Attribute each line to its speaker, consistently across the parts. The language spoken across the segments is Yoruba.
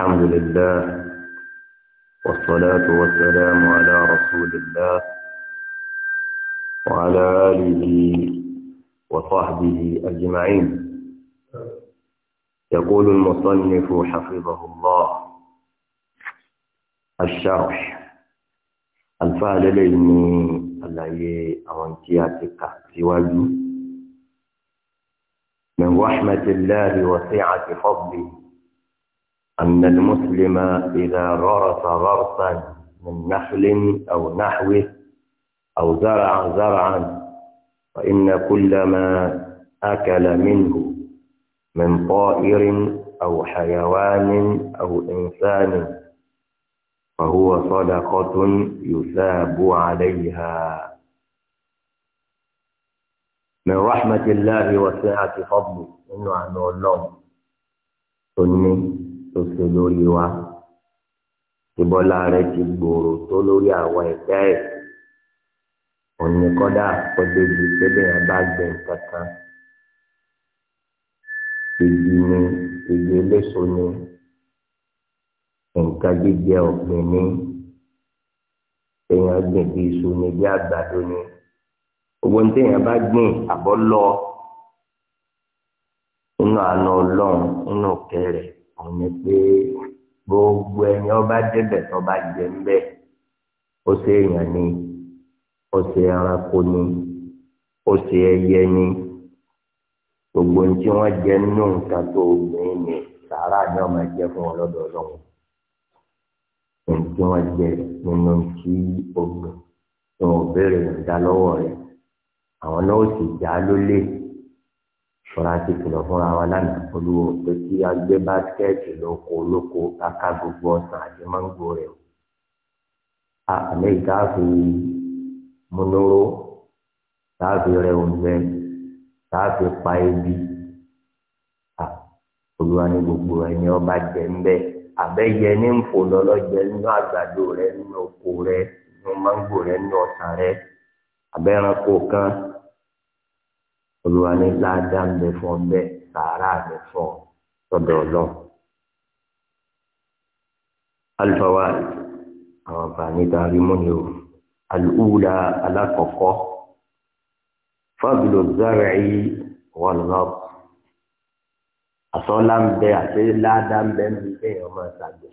Speaker 1: الحمد لله والصلاة والسلام على رسول الله وعلى آله وصحبه أجمعين يقول المصنف حفظه الله الشرح الفعل ليني àlàyé àwọn tí a من رحمة الله وسعة فضله أن المسلم إذا غرس غرسا من نحل أو نحوه أو زرع زرعا فإن كل ما أكل منه من طائر أو حيوان أو إنسان فهو صدقة يثاب عليها من رحمة الله وسعة فضله إنه عن الله tó ṣe lórí wa ìbọlá rẹ ti gbòòrò tó lórí àwa ẹ̀dá ẹ̀ òní kọ́dà kọ́débi pébè yẹn bá gbẹ kankan igi ni igi eléso ni nǹkan jíjẹ ọ̀gbìn ni èèyàn gbìn bí iṣu ni bí àgbàdo ni gbogbo ní téèyàn bá gbìn àbọ̀ lọ nínú àánú ọlọ́run nínú òkè òun ni pé gbogbo ẹni ọba débẹ̀ tó bá jẹ ń bẹ̀ ó ṣe èèyàn ni ó ṣe ẹranko ni ó ṣe ẹyẹ ni gbogbo ní tí wọ́n jẹ nínú nǹkan tó gbìn ní sàárà ni wọ́n máa jẹ fún wọn lọ́dọ̀ ọlọ́run ní tí wọ́n jẹ nínú tí ó gbìn ní wọ́n béèrè ìdá lọ́wọ́ rẹ̀ àwọn náà ó sì já lólè ṣọ́ra ti kìlọ̀ fúnra wa lánàá olúwo pé kí a gbé báskẹ́ẹ̀tì lóko olóko káká gbogbo ọsàn àti máńgò rẹ̀ o. àlẹ́ ìta fi múnúró táà fi rẹ oúnjẹ táà fi pa ebi olúwa ní gbogbo ẹni ọba jẹ ń bẹ ní nfò nínú àgbàdo rẹ nínú oko rẹ nínú máńgò rẹ nínú ọsàn rẹ abẹ́ranko kan olùwà ní ládàá ń bẹ fún ọ bẹ sàárà bẹ fún ọ sọ́dọ̀ ọlọ. alifawa àwọn àǹfààní tá a rí mú ni o alùwùlà alákọ̀ọ́kọ́ fábùlù zara yìí wà lọ́wọ́ àsọ́lá ń bẹ àti ládàá ń bẹ ń bí bẹ́ẹ̀ ọmọ ìsàgbẹ́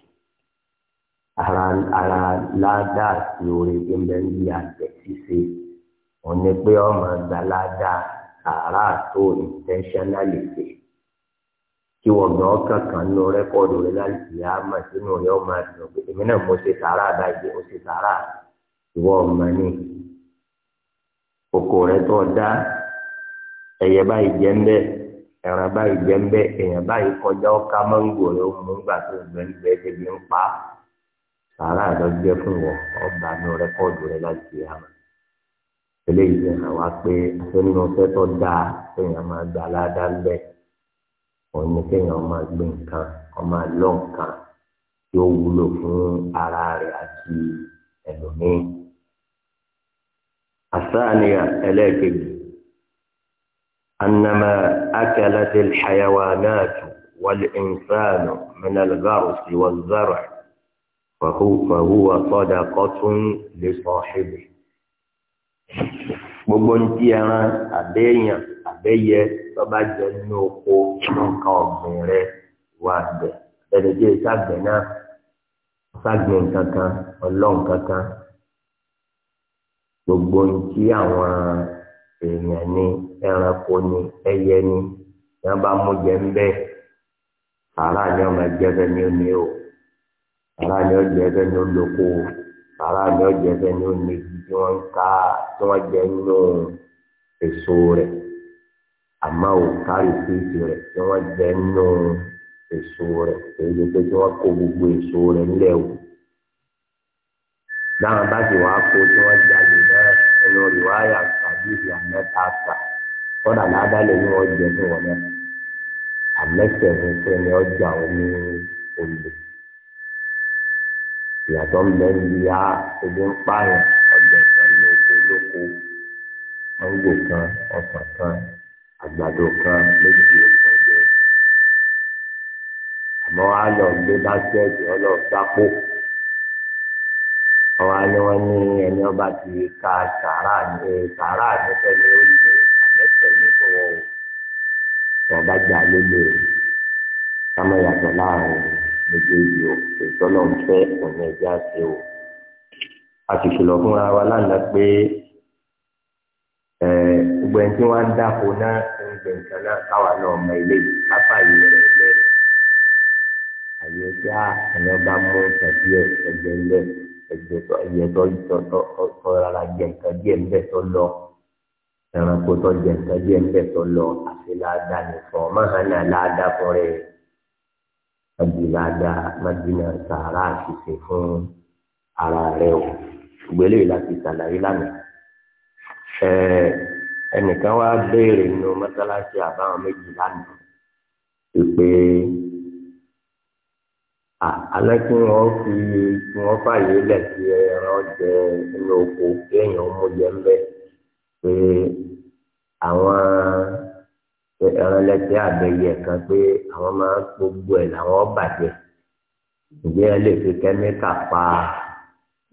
Speaker 1: ara ara ládàá àti orí ń bẹ ń àgbẹ̀ ṣíṣe òun ni pé ọmọ ìgbà ládàá sàárà tó intentionally ṣe kí wọn gbọ́ kankan nínú rẹ́kọ̀dù rẹ láti yá mà sínú rẹ ọmọ àti ọgbẹ èmi náà mo ṣe sàárà báyìí mo ṣe sàárà ìwọ ọmọ ni kòkò rẹ tó dá ẹyẹ báyìí jẹ ń bẹ ẹran báyìí jẹ ń bẹ èèyàn báyìí kọjá ọkà mọ́ngò rẹ mú gbà tó gbẹ ń bẹ ń pa sàárà lọ jẹ fún wọn ọgbà nínú rẹ́kọ̀dù rẹ láti yá mà eléyìí fi hàn wá pé àtẹnudọ fẹtọ dáa kéèyàn máa gbà ládàá ńbẹ òun ni kéèyàn máa gbé nǹkan ọmọ lọ nǹkan tí ó wúlò fún ara rẹ̀ àti ẹlòmíín. àsáàníyà ẹlẹ́ẹ̀kejì annama akalati alhayawanatu walinsanu min algharsi walzar'i fahuwa sadaqatun li sahibihi gbogbo ntí ẹran àbẹ́yàn àbẹ́yẹ lọ́ba jẹ nínú oko nǹkan ọ̀gbìn rẹ wà bẹ̀ ẹni tí èsì àgbẹ̀ náà ságbìn kankan ọlọ́run kankan gbogbo ntí àwọn èèyàn ní ẹranko ní ẹyẹ ní yẹn bá mú jẹ ń bẹ sàrà ni ọmọ ẹgbẹ́ bẹ ní omi o sàrà ni ọjọ́ ẹgbẹ́ ní olóko sàrà ni ọjọ́ ẹgbẹ́ ní omi tí wọ́n ń ká tí wọ́n jẹ nínú èso rẹ̀ àmọ́ ò kárí fíìsì rẹ̀ tí wọ́n jẹ nínú èso rẹ̀ èyí pé tí wọ́n kó gbogbo èso rẹ̀ nílẹ̀ o. dáhùn bá ti wàá kó tí wọ́n jalè náà ẹnu rìwáyà tàbí ìyá mẹ́ta àtà kọ́dà ládàlẹ̀ ni wọ́n jẹ fún wọn náà àmẹ́sẹ̀ ní sẹ́ni ọjà omi olè ìyàtọ̀ ń ya ebi pààyàn ọjà ìtọ́nù olóko máńgò kan ọsàn kan àgbàdo kan méjì ọjọ́ àmọ́ a lọ gbé báskẹ́ẹ̀tì ọlọ́ dápò àwọn ni wọ́n ní ẹni ọba ti ka sàárà ní sàárà ní fẹ́mi ó ní àmẹ́tẹ̀ ní fún wọn o ọba gbà lélẹ̀ sámẹ́yàtọ̀ láàrin méjèèjì o ètò ọlọ́run fẹ́ òun ẹ̀já ṣe o a sì kìlọ̀ fún ara wa lánàá pé gbogbo ẹni tí wọ́n ń dáko náà ń gbẹ̀ nǹkan náà káwa náà mọ ilé láfààyè rẹ̀ lẹ́ àyè tí a ẹni ọba mú tàbí ẹgbẹ́ lẹ̀ ẹgbẹ́ tó ẹyẹ tó tó rárá jẹ nǹkan díẹ̀ ńbẹ̀ tó lọ ẹranko tó jẹ nǹkan díẹ̀ ńbẹ̀ tó lọ àti láàdá nìkan máa ń nà láàdá fún rẹ̀ ẹbí láàdá májínà sàárà àṣìṣe fún ara rẹ̀ o. ṣùgbọ́n eléyìí láti ṣàlàyé lánàá ẹnìkan wá béèrè nínú mọ́sálásí àbáwọn méjì lánàá pé alẹ́ kí wọ́n fi kí wọ́n fààyè lẹ̀ sí ẹran jẹ inú oko kéèyàn mú jẹ pé àwọn ẹran lẹ́sẹ̀ àbẹ̀yẹ pé àwọn máa ń gbogbo ẹ̀ làwọn bàjẹ́ ǹjẹ́ ẹ lè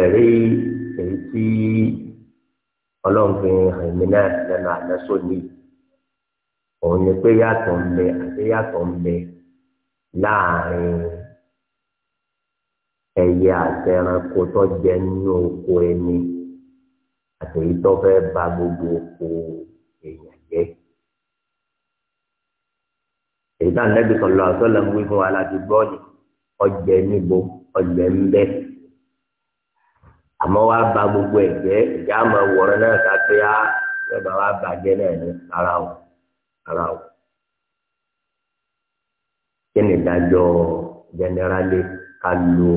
Speaker 1: ẹ̀rí èyí tí ọlọ́run fi hàn náà lẹ́nu àná sóni òun ni pé yàtọ̀ ń bẹ àti yàtọ̀ ń bẹ láàrin ẹyẹ àtẹranko tó jẹ nínú oko ẹni àtẹ̀yí tó fẹ́ ba gbogbo oko èèyàn jẹ́. èyí tá ń lẹ́bi sọ̀rọ̀ àtọ́lẹ̀ ń wí fún wa láti gbọ́ ni níbo ọjẹ́ ń bẹ́ẹ̀ àmọ́ wá ba gbogbo ẹ̀jẹ̀ ìjà máa wọ̀rọ̀ náà kápẹ́ á lọ́ba wá bàjẹ́ náà ní ara o ara o. kí ni ìdájọ́ jẹnẹrálì ká lo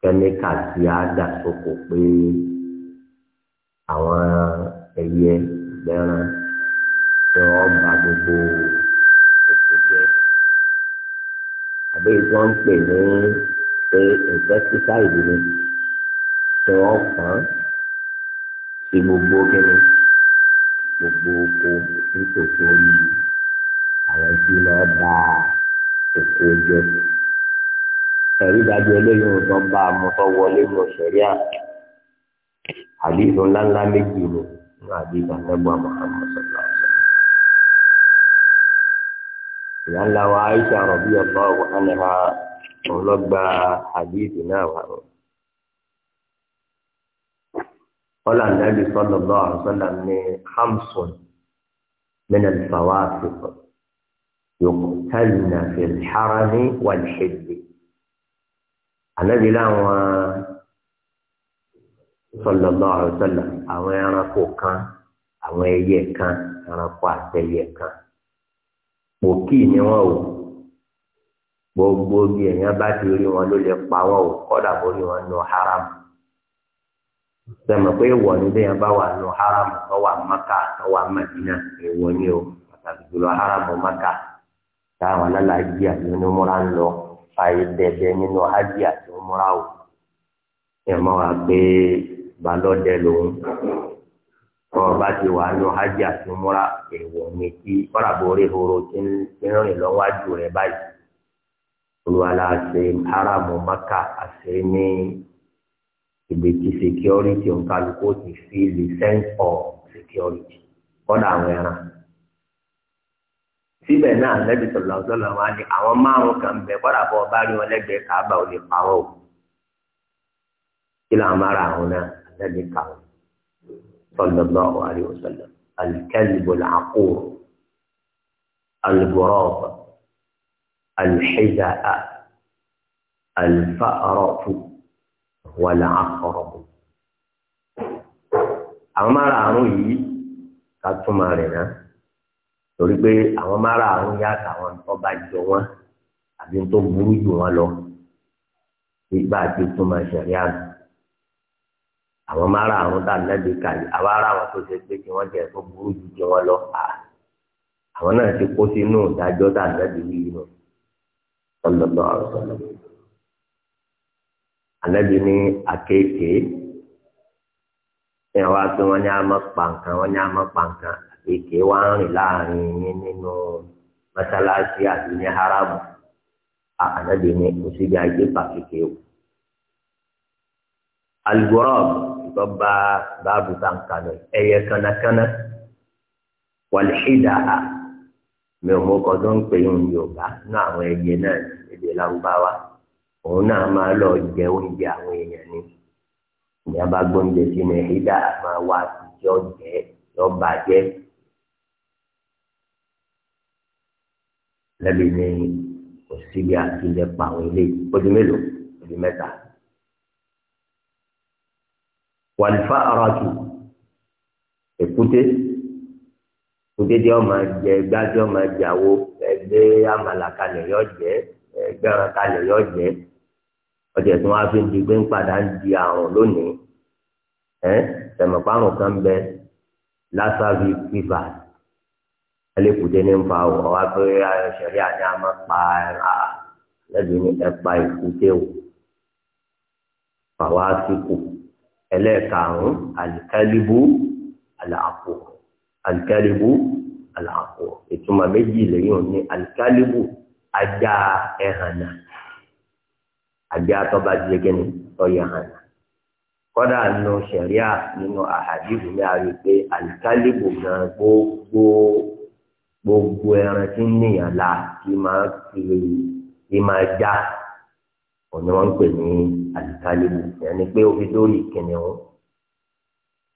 Speaker 1: kẹ́míkà tí a dà sóko pé àwọn ẹyẹ ìgbẹ́ran tí wọ́n ba gbogbo ètò jẹ́ àbí ìtọ́ ń pè ní pé ìfẹ́sísáìdì ni tọ́ pọ́n ṣe gbogbo kíni gbogbo oko nítorí àwọn tí máa bá oko jẹ. ẹ̀rí dájú eléyìí ń tọ́ bá a mú tọ́ wọlé lọ sẹ̀rí à àdìsùn ńláńlá méjì ni ní àdìsùn àtẹ́gbọ́n Muhammad sallallahu alaihi wasallam. ìyá ńlá wa Aisha radiyallahu anha òun lọ gba àdìsùn náà wà lọ. kọ́lá nàbì sallallahu alaihi wasallam ní hamsun min al-fawafiq yuqtalna fil harami wal hijri ànábì láwọn sallallahu alaihi wasallam àwọn ẹranko kan àwọn ẹyẹ kan ẹranko àtẹyẹ kan pòkì ni wọn o gbogbo bí èèyàn bá ti rí wọn ló lè pa wọn o kọ́dà bó ni wọn nu haram. sẹ́mi pé ìwọ ni bẹ́ẹ̀ bá wà nù haramu wà maka tó wà madina ìwọ ni o pàtàkì jùlọ haramu maka táwọn alálàájì àti onímọ̀ra ń lọ fàyè dẹ̀dẹ̀ nínú hajj àti onímọ̀ra o ẹ̀ mọ́ pé balọ̀dẹ ti wà nù àti onímọ̀ra ìwọ ni kí horo ti ń rìn lọ́wọ́dù rẹ̀ báyìí olùwàlà àti haramu maka àti ní. ìgbé tí security òǹkàlùkù ti fi the sense of security kọ́dà àwọn ẹran. síbẹ̀ náà lẹ́bi sọ̀lá ọ̀sọ́lá wa ni àwọn márùn-ún kan bẹ̀ kọ́dà bọ́ ọba rí wọn lẹ́gbẹ̀ẹ́ kàábà ò lè pa wọ́n o. kí làwọn mára àwọn náà lẹ́bi kà wọ́n sallallahu alaihi wasallam al-kalbu al-aqur al-buraq wàlà àkọrọbù àwọn márààrún yìí ká túmọ̀ rẹ̀ náà torí pé àwọn márààrún yàtọ̀ àwọn tó bá jọ wọn àbí tó burú jù wọn lọ ìgbà àti túmọ̀ ṣẹ̀ríà nù àwọn márààrún tá nàbí kàlí àwa ara àwọn tó ṣe pé kí wọ́n jẹ́ tó burú jù kí wọ́n lọ à àwọn náà ti kó sínú ìdájọ́ tá nàbí yìí nù ọlọ́dọ̀ àrùn sọ̀rọ̀ ànábì ní àkéèké ẹ wá pé wọn ní àmọ pàǹkan wọn ní àmọ pàǹkan àkéèké wá ń rìn láàrin yín nínú mọ́sálásí àti ní haramu ànábì ní òsibí ajé pàkéèké o. alugorọb tó bá báàbù tàǹkà lọ ẹyẹ kánnakánná wàlíṣídà mi ò mọ ọkọ tó ń pè é yorùbá náà àwọn ẹyẹ náà èdè lárúbáwá òun náà máa lọ jẹ oúnjẹ àwọn èèyàn ni ìyá bá gbóúnjẹ sínú ìdá máa wá àtijọ́ jẹ lọ́ba jẹ́ lẹ́bi ní kò síbi àtijọ́ pa àwọn ilé ojú mélòó ojú mẹ́ta. wàlífà aratu èkúté èkúté jẹ́ ọmọ jẹ gbájọ́ ọmọ jàwó ẹgbẹ́ amàlàkalẹ̀ yọ jẹ ẹgbẹ́rankalẹ̀ yọ jẹ ọjà tí wọn á fi ń di pé ń padà ń di àrùn lónìí ẹ tẹmọparùn kan bẹ lásàbí fífà alẹkùdé ní nfa wọ wá pé ṣẹlẹ àti àmọ pa ẹra lẹbi ní ẹpa ìkúté o fàwa síkù ẹlẹ́ẹ̀karùn-ún alikẹ́líbù àlàpò alikẹ́líbù méjì lẹ́yìn òní alikẹ́líbù ajá ẹ̀hànà àbí atọ́ba ti gẹ́gẹ́ ni ọ̀yà hàn kọ́dà nù sẹ̀ríà nínú àhàdìbò ní àrí pé àlìkálíbò gan gbogbo gbogbo ẹran tí ń níyàn la kí máa kiri kí máa já òní wọn ń pè ní àlìkálíbò ìyẹn ni pé òfin lórí kìnìún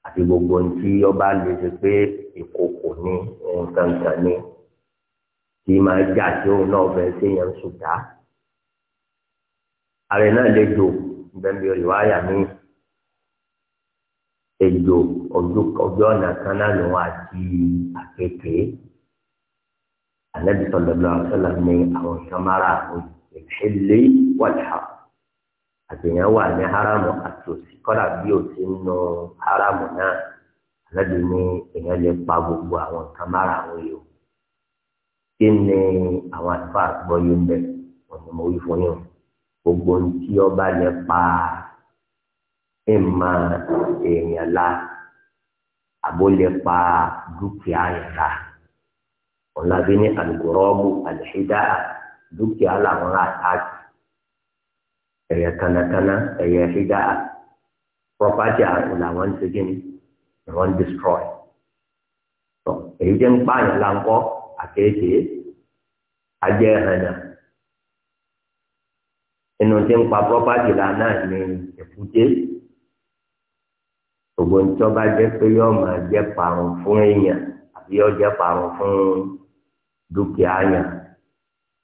Speaker 1: àti gbogbo ohun tí ọba lè ṣe pé ìkòkò ní nǹkan kan ní kí máa já tí òun náà fẹ́ ṣe yẹn ń sùn dá ààrẹ náà lè jò bẹ́ẹ̀ rí wáyà ní ejò ọjọ́ ọ̀nà kan náà lòun àti àkekèé anabi sọlọlọ asọlọ ní àwọn sọmárà ìṣẹ̀lẹ̀ wàjà àtẹyàn wà ní haramu àtòsí kọlà bí o ti ń nu haramu náà anabi ní èèyàn lè pa gbogbo àwọn sọmárà àwọn yòó kí ni àwọn àtúbà gbọ́ yín bẹ wọn ni wí fún yín gbogbo ntí ọba lè pa ìmọ̀ èèyàn la àbó lè pa dúkìá yẹn la ọ̀làbí ní àlùkòrọ́ọ̀bù àlùhídà dúkìá làwọn àtàkì ẹ̀yẹ kánákáná ẹ̀yẹ hídà property àwọn làwọn ń segin destroy èyí jẹ́ ń pààyàn la ń kọ́ àkéèké ajẹ́ hànà inú tí ń pa property la náà ní èkúté gbogbo ńtọ́ bá jẹ́ pé yọ máa jẹ́ parun fún èèyàn àbí yọ jẹ́ parun fún dúkìá yàn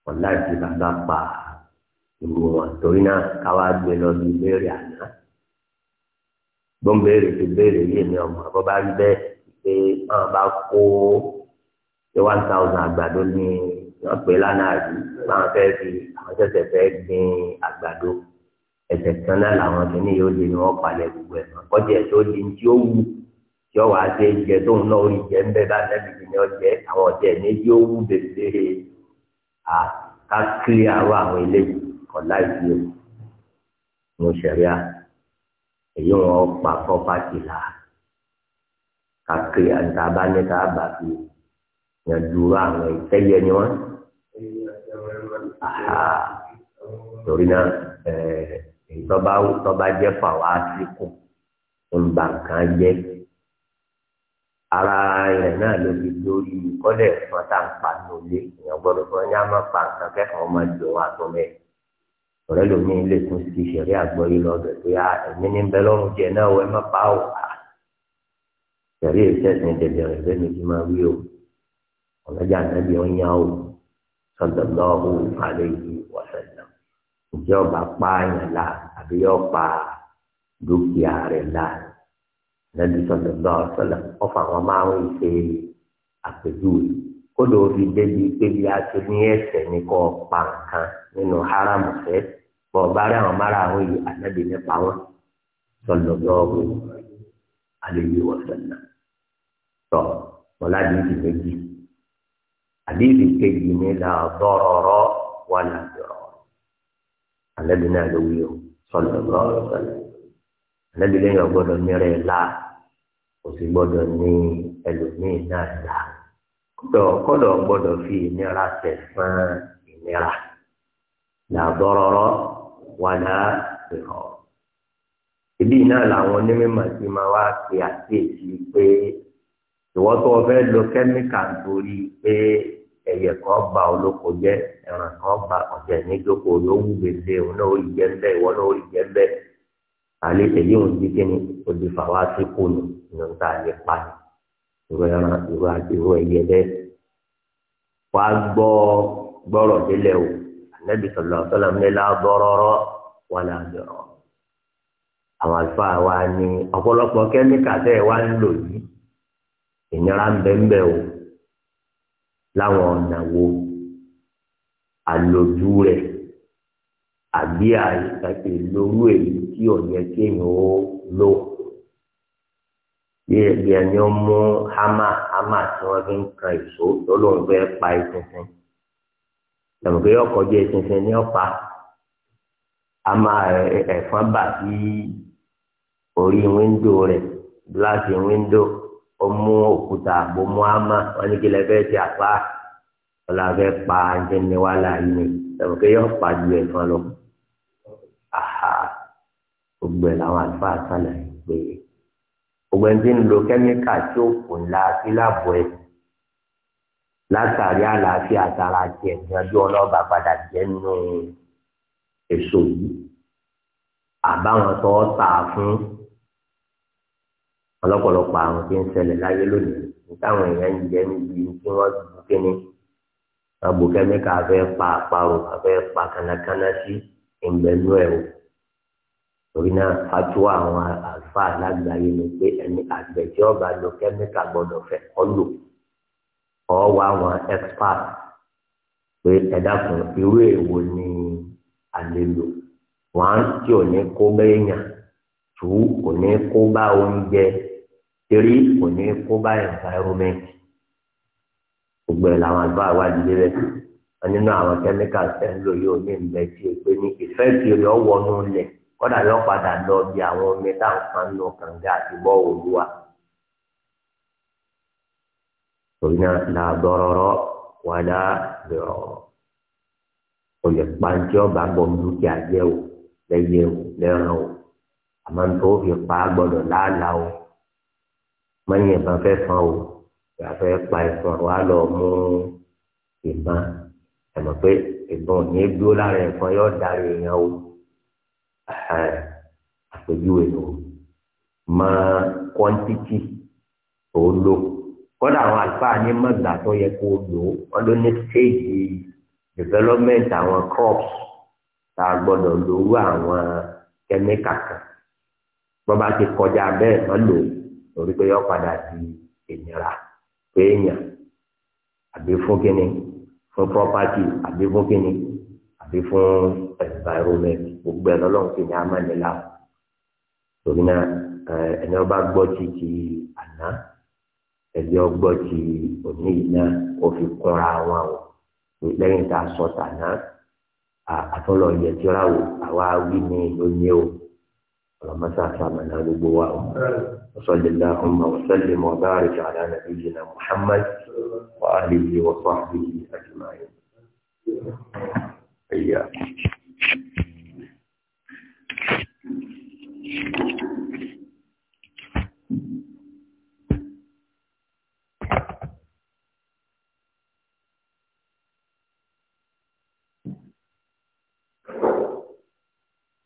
Speaker 1: ọ̀la ìdí bàbá pa ìlú wọn torí náà káwá gbé lọ bí béèrè àná gbọ́nbéèrè ti béèrè yìí ní ọmọ àbọ̀ bá rí bẹ́ẹ̀ pé wọ́n bá kó one thousand àgbàdo ní wọ́n pè lánàá rí báwọn fẹ́ fi àwọn ṣẹ̀ṣẹ̀ fẹ́ gbin àgbàdo ẹsẹ̀ kan náà làwọn kìíní yóò di ni wọ́n palẹ̀ gbogbo ẹ̀ mọ́ kọ́jà ẹ̀ tó di tí ó wù tí ó wàá ṣe jẹ tóun náà ó rí jẹ ńbẹ bá nẹ́bí ni ó jẹ àwọn ọ̀jẹ̀ ní tí ó wù bèbè à ká kiri àrò àwọn eléyìí kọ̀ láì sí o mo ṣẹ̀ríà èyí wọn pa property la ká kiri àti tá a bá dúró àwọn ìtẹ́yẹ ni wọ́n torí náà eh, èyí tọ́ba tọ́ba jẹ́ fàwa síkù ń ba nǹkan jẹ́ ara rẹ̀ náà ló fi lórí kọ́lẹ̀ fún tá à ń pa lólé èèyàn gbọ́dọ̀ fún ẹni á má pa nǹkan kẹ́kọ̀ọ́ máa jọ wá tó mẹ́ ọ̀rẹ́ lómi lè tún sí ìṣẹ̀rí àgbọ̀yé lọ́dọ̀ pé ah, ẹ̀mí ní bẹ́ẹ̀ lọ́rùn jẹ náà ẹ má pa ọ́ ìṣẹ̀rí ah. ìṣẹ̀sìn dẹ̀dẹ̀rẹ̀ lẹ́nu tí máa wí o ọ̀lọ́jà náà bí wọ́n yá o sallallahu alayhi wa sallam ǹjẹ́ ọba pààyàn la àbí yọ pa dúkìá rẹ̀ la nàbí sallallahu alayhi wa sallam ọfà àwọn máa ń ṣe àpèjúwe kódò fi débi pé bí a ti ní ẹsẹ̀ ní kọ́ pa nǹkan nínú haramu fẹ́ bọ̀ bá rí àwọn márààrún yìí ànábì nípa wọn sallallahu alayhi wa sallam tọ́ ọ̀làdìyí méjì àdéhùn kejì ní la dọ́rọ̀rọ́ wà lájọ̀rọ̀ àlẹ́bí náà ló wí o sọ̀lọ̀ lọ́rọ̀ sọ̀lọ̀ àlẹ́bí lẹ́yìn ọgbọ́dọ̀ nírẹ̀ la kò sì gbọ́dọ̀ ní ẹlòmíì náà la kọ́dọ̀ gbọ́dọ̀ fi ìnira tẹ̀sán ìnira la dọ́rọ̀rọ́ wà lájọ̀rọ̀ ìdí náà làwọn onímọ̀ ti máa wá pe àkíyèsí pé ìwọ́n tó o fẹ́ lo kẹ́míkà nítorí pé ẹyẹ kan ba olóko jẹ ẹran kan ba ọ̀jẹ̀ níjókòó yóò wù gbèsè òun náà ó rí jẹ́ bẹ́ẹ̀ ìwọ́n náà ó rí jẹ́ bẹ́ẹ̀ àlẹ́ èyí ò ń di kíni ó di fàwa sí kùnú ní ọ̀tá àlẹ́ pa ni ìwọ ẹran ìwọ ìwọ ẹyẹ bẹ́ẹ̀ wà á gbọ́ gbọ́rọ̀ délẹ̀ o ànábì sọ̀rọ̀ sọ̀rọ̀ mẹ́lá bọ́rọ́rọ́ wà láàbẹ̀rọ̀ àwọn àlùfáà wa ní ọ̀pọ̀lọpọ̀ kẹ́míkà tẹ́ wá ń lò yìí ìnira ń bẹ ń bẹ o láwọn ọ̀nà wo àlòjù rẹ̀ àbí àìlórú èyí tí ọ̀yẹ́ kéèyàn ó lò bí ẹni ó mú hámà hámà tí wọ́n fi ń kan ìṣó lọ́lọ́run fẹ́ pa eṣinṣin lẹ́mọ̀ọ́ pé ọkọ̀ jẹ́ eṣinṣin ní ọ̀pá hámà ẹ̀fọn bà sí orí wíńdò rẹ̀ gíláàsì wíńdò ọmú òkúta àbò muama wọn ní kílẹ̀ fẹ́ ti àpá ọ̀là fẹ́ pa ẹ̀jẹ̀ ní wàhálà yìí ni ẹ̀fọ́kẹ́ yóò pa ju ẹ̀fọn lọ. àhà gbogbo ẹ̀ làwọn àlùfáà sàlàyé pé gbogbo ẹni tí ń lo kẹ́míkà tí ó kù ńlá sí láàbọ̀ ẹ̀ látàrí àlàáfíà tara tiẹ̀ níyanjú ọlọ́ba padà jẹ́ nínú èso yìí àbáwọn tó ta fún ọlọ́pọ̀lọpọ̀ àrùn tí ń ṣẹlẹ̀ láyé lónìí nítawọn èèyàn ń jẹ níbi tí wọ́n bu kíni wọ́n bu kẹ́míkà fẹ́ pa àparò fẹ́ pa kànákànná sí ìgbẹ́nu ẹ̀ o torí náà fatuwa àwọn àlùfáà lágbàáyé ni pé ẹni àgbẹ̀ tí ọba lo kẹ́míkà gbọ́dọ̀ fẹ́ kọ́ lò ọ̀ wá àwọn expert pé ẹ̀dá kan irú èèwọ̀ ni àlelò one tí ò ní kó bẹ́ẹ̀ yàn two kò ní kó bá oúnjẹ torí kò ní kó bá environment gbogbo ẹ̀ làwọn àgbà wádìí rẹ̀ nínú àwọn chemicals ẹ̀ ń lò yóò ní ìgbẹ́ tí o pé ní effect rẹ̀ ọwọ́ nù lẹ̀ kọ́dà yóò padà lọ bí àwọn omi tá à ń pa nù kànga àti bọ́ òru wa. torí náà la dọ́rọ́rọ́ wàdà rọ̀ o lè pa ní tí ọba gbọ́ o lẹ́yẹ o lẹ́ràn o àmọ́ nítorí pa gbọ́dọ̀ láàlà o mọ́ni ìbọn fẹ́ fan o ìyàfẹ́ pa ìfọ̀n wa lọ mú ìbọn ẹ̀mọ̀ pé ìbọn ò ní dúró lára ẹ̀fọn yóò darí èèyàn o àpèjúwe o mọ kọ́ńtìtì tó lò kọ́dà àwọn àlùfáà ní mọ́gbà tó yẹ kó lò wọ́n ló ní stéèjì development àwọn crops tá a gbọ́dọ̀ lò wú àwọn kẹ́míkà kan bọ́ba ti kọjá bẹ́ẹ̀ wọ́n lò ó torí pé yọ padà di ìnira pé èèyàn àbí fún kínní fún property àbí fún kínní àbí fún environment gbogbo ẹ̀ lọ́lọ́run sì ní amánilá torí náà eh, ẹni ọba gbọ́ ti ti àná ẹbí ọgbọ́ ti òní yìí ó fi kúnra wọn o lẹ́yìn tá a sọ tàná àtúnlọ̀ yẹ tíra àwa wí ní lónìí ومساء سامنا لبواء وصل اللهم وسلم وبارك على نبينا محمد وآله وصحبه أجمعين إياك